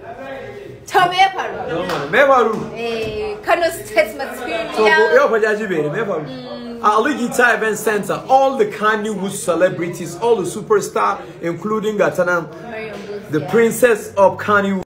me faru me me At eh, hmm. ah, Event Center, all the Kannywood celebrities, all the superstar, including Gatanam, the princess of Kanye.